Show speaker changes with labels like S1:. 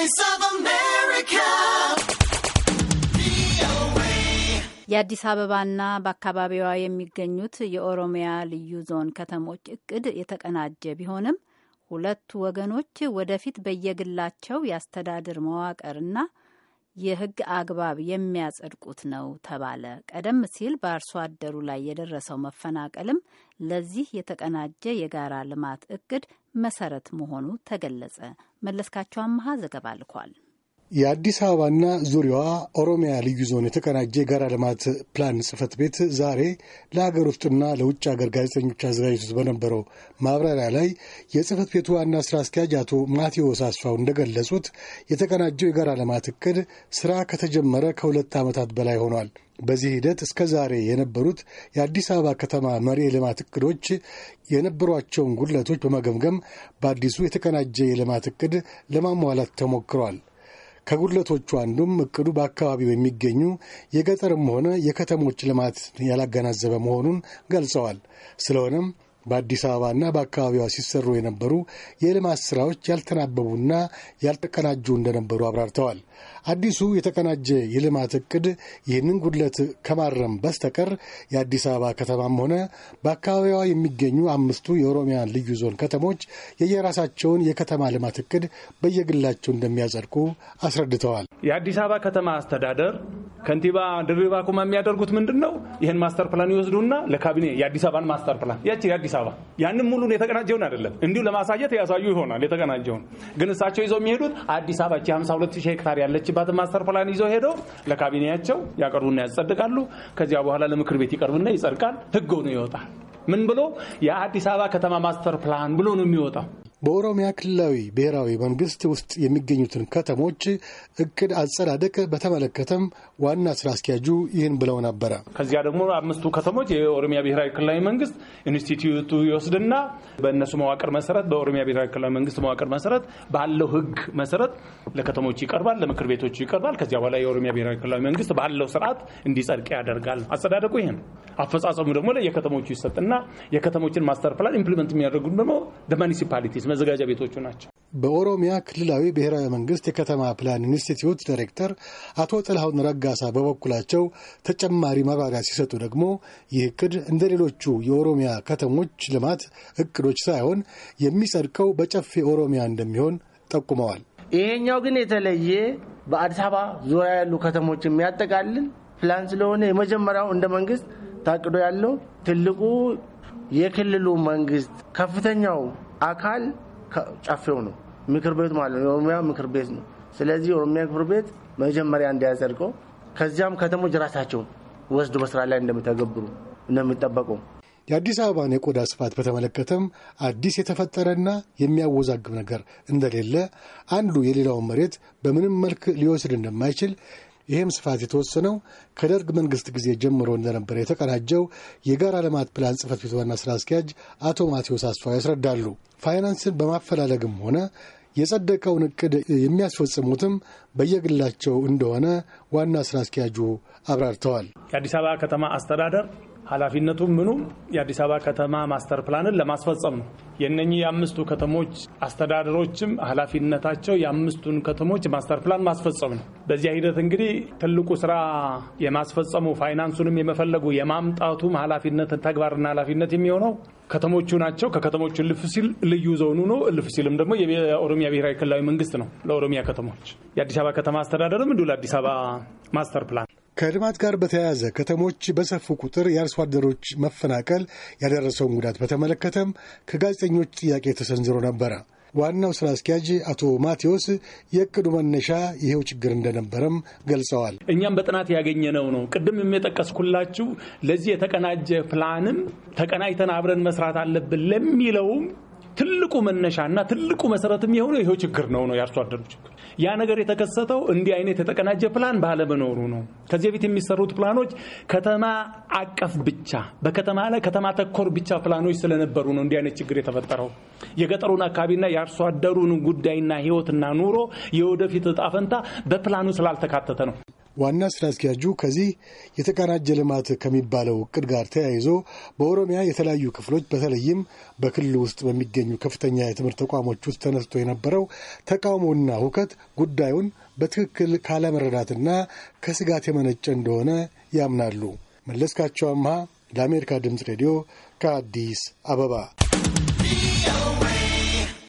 S1: Voice of America. የአዲስ አበባና በአካባቢዋ የሚገኙት የኦሮሚያ ልዩ ዞን ከተሞች እቅድ የተቀናጀ ቢሆንም ሁለቱ ወገኖች ወደፊት በየግላቸው የአስተዳደር መዋቅርና የሕግ አግባብ የሚያጸድቁት ነው ተባለ። ቀደም ሲል በአርሶ አደሩ ላይ የደረሰው መፈናቀልም ለዚህ የተቀናጀ የጋራ ልማት እቅድ መሰረት መሆኑ ተገለጸ። መለስካቸው አመሃ ዘገባ ልኳል። የአዲስ አበባና ዙሪያዋ ኦሮሚያ ልዩ ዞን የተቀናጀ የጋራ ልማት ፕላን ጽህፈት ቤት ዛሬ ለሀገር ውስጥና ለውጭ ሀገር ጋዜጠኞች አዘጋጅቶት በነበረው ማብራሪያ ላይ የጽህፈት ቤቱ ዋና ስራ አስኪያጅ አቶ ማቴዎስ አስፋው እንደገለጹት የተቀናጀው የጋራ ልማት እቅድ ስራ ከተጀመረ ከሁለት ዓመታት በላይ ሆኗል። በዚህ ሂደት እስከ ዛሬ የነበሩት የአዲስ አበባ ከተማ መሪ የልማት እቅዶች የነበሯቸውን ጉድለቶች በመገምገም በአዲሱ የተቀናጀ የልማት እቅድ ለማሟላት ተሞክሯል። ከጉድለቶቹ አንዱም እቅዱ በአካባቢው የሚገኙ የገጠርም ሆነ የከተሞች ልማት ያላገናዘበ መሆኑን ገልጸዋል። ስለሆነም በአዲስ አበባና በአካባቢዋ ሲሰሩ የነበሩ የልማት ስራዎች ያልተናበቡና ያልተቀናጁ እንደነበሩ አብራርተዋል። አዲሱ የተቀናጀ የልማት እቅድ ይህንን ጉድለት ከማረም በስተቀር የአዲስ አበባ ከተማም ሆነ በአካባቢዋ የሚገኙ አምስቱ የኦሮሚያ ልዩ ዞን ከተሞች የየራሳቸውን የከተማ ልማት እቅድ በየግላቸው እንደሚያጸድቁ አስረድተዋል።
S2: የአዲስ አበባ ከተማ አስተዳደር ከንቲባ ድሪባ ኩማ የሚያደርጉት ምንድን ነው? ይህን ማስተር ፕላን ይወስዱና ለካቢኔ የአዲስ አበባን ማስተር ፕላን ያቺ የአዲስ አበባ ያንም ሙሉን የተቀናጀውን አይደለም እንዲሁ ለማሳየት ያሳዩ ይሆናል። የተቀናጀውን ግን እሳቸው ይዘው የሚሄዱት አዲስ አበባ እቺ 520 ሄክታር ያለችባትን ማስተር ፕላን ይዘው ሄደው ለካቢኔያቸው ያቀርቡና ያጸድቃሉ። ከዚያ በኋላ ለምክር ቤት ይቀርብና ይጸድቃል። ህግ ሆኖ ይወጣል። ምን ብሎ የአዲስ አበባ ከተማ ማስተር ፕላን ብሎ ነው የሚወጣው።
S1: በኦሮሚያ ክልላዊ ብሔራዊ መንግስት ውስጥ የሚገኙትን ከተሞች እቅድ አጸዳደቅ በተመለከተም ዋና ስራ አስኪያጁ ይህን ብለው ነበረ።
S2: ከዚያ ደግሞ አምስቱ ከተሞች የኦሮሚያ ብሔራዊ ክልላዊ መንግስት ኢንስቲትዩቱ ይወስድና በእነሱ መዋቅር መሰረት በኦሮሚያ ብሔራዊ ክልላዊ መንግስት መዋቅር መሰረት ባለው ህግ መሰረት ለከተሞች ይቀርባል፣ ለምክር ቤቶቹ ይቀርባል። ከዚያ በኋላ የኦሮሚያ ብሔራዊ ክልላዊ መንግስት ባለው ስርዓት እንዲጸድቅ ያደርጋል። አጸዳደቁ ይህ ነው። አፈጻጸሙ ደግሞ ለየከተሞቹ ይሰጥና የከተሞችን ማስተር ፕላን ኢምፕሊመንት የሚያደርጉ ደግሞ ማኒሲፓሊቲስ መዘጋጃ ቤቶቹ ናቸው።
S1: በኦሮሚያ ክልላዊ ብሔራዊ መንግስት የከተማ ፕላን ኢንስቲትዩት ዳይሬክተር አቶ ጥልሃውን ረጋሳ በበኩላቸው ተጨማሪ ማብራሪያ ሲሰጡ ደግሞ ይህ እቅድ እንደ ሌሎቹ የኦሮሚያ ከተሞች ልማት እቅዶች ሳይሆን የሚጸድቀው በጨፌ ኦሮሚያ እንደሚሆን ጠቁመዋል። ይሄኛው ግን የተለየ በአዲስ አበባ ዙሪያ ያሉ ከተሞች የሚያጠቃልል ፕላን ስለሆነ የመጀመሪያው እንደ መንግስት ታቅዶ ያለው ትልቁ የክልሉ መንግስት ከፍተኛው አካል ጨፌው ነው፣ ምክር ቤት ማለት ነው። የኦሮሚያ ምክር ቤት ነው። ስለዚህ የኦሮሚያ ምክር ቤት መጀመሪያ እንዲያጸድቀው፣ ከዚያም ከተሞች ራሳቸው ወስዶ በስራ ላይ እንደሚተገብሩ ነው የአዲስ አበባን የቆዳ ስፋት በተመለከተም አዲስ የተፈጠረና የሚያወዛግብ ነገር እንደሌለ አንዱ የሌላውን መሬት በምንም መልክ ሊወስድ እንደማይችል ይህም ስፋት የተወሰነው ከደርግ መንግስት ጊዜ ጀምሮ እንደነበረ የተቀናጀው የጋራ ልማት ፕላን ጽህፈት ቤት ዋና ስራ አስኪያጅ አቶ ማቴዎስ አስፋው ያስረዳሉ። ፋይናንስን በማፈላለግም ሆነ የጸደቀውን እቅድ የሚያስፈጽሙትም በየግላቸው እንደሆነ ዋና ስራ አስኪያጁ አብራርተዋል።
S2: የአዲስ አበባ ከተማ አስተዳደር ኃላፊነቱም ምኑም የአዲስ አበባ ከተማ ማስተር ፕላንን ለማስፈጸም ነው። የእነኚህ የአምስቱ ከተሞች አስተዳደሮችም ኃላፊነታቸው የአምስቱን ከተሞች ማስተር ፕላን ማስፈጸም ነው። በዚያ ሂደት እንግዲህ ትልቁ ስራ የማስፈጸሙ ፋይናንሱንም የመፈለጉ የማምጣቱም ኃላፊነት ተግባርና ኃላፊነት የሚሆነው ከተሞቹ ናቸው። ከከተሞቹ እልፍ ሲል ልዩ ዞኑ ነው። እልፍ ሲልም ደግሞ የኦሮሚያ ብሔራዊ ክልላዊ መንግስት ነው ለኦሮሚያ ከተሞች። የአዲስ አበባ ከተማ አስተዳደርም እንዲሁ ለአዲስ አበባ ማስተር ፕላን
S1: ከልማት ጋር በተያያዘ ከተሞች በሰፉ ቁጥር የአርሶ አደሮች መፈናቀል ያደረሰውን ጉዳት በተመለከተም ከጋዜጠኞች ጥያቄ ተሰንዝሮ ነበረ። ዋናው ስራ አስኪያጅ አቶ ማቴዎስ የእቅዱ መነሻ ይሄው ችግር እንደነበረም ገልጸዋል።
S2: እኛም በጥናት ያገኘነው ነው። ቅድም የጠቀስኩላችሁ ለዚህ የተቀናጀ ፕላንም ተቀናጅተን አብረን መስራት አለብን ለሚለውም ትልቁ መነሻና ትልቁ መሰረትም የሆነው ይሄው ችግር ነው ነው የአርሶ አደሩ ችግር። ያ ነገር የተከሰተው እንዲህ አይነት የተቀናጀ ፕላን ባለመኖሩ ነው። ከዚህ በፊት የሚሰሩት ፕላኖች ከተማ አቀፍ ብቻ በከተማ ላይ ከተማ ተኮር ብቻ ፕላኖች ስለነበሩ ነው እንዲህ አይነት ችግር የተፈጠረው። የገጠሩን አካባቢና የአርሶ አደሩን ጉዳይና ህይወትና ኑሮ የወደፊት እጣ ፈንታ በፕላኑ ስላልተካተተ ነው።
S1: ዋና ስራ አስኪያጁ ከዚህ የተቀናጀ ልማት ከሚባለው እቅድ ጋር ተያይዞ በኦሮሚያ የተለያዩ ክፍሎች በተለይም በክልሉ ውስጥ በሚገኙ ከፍተኛ የትምህርት ተቋሞች ውስጥ ተነስቶ የነበረው ተቃውሞና ሁከት ጉዳዩን በትክክል ካለመረዳትና ከስጋት የመነጨ እንደሆነ ያምናሉ። መለስካቸው አምሃ ለአሜሪካ ድምፅ ሬዲዮ ከአዲስ አበባ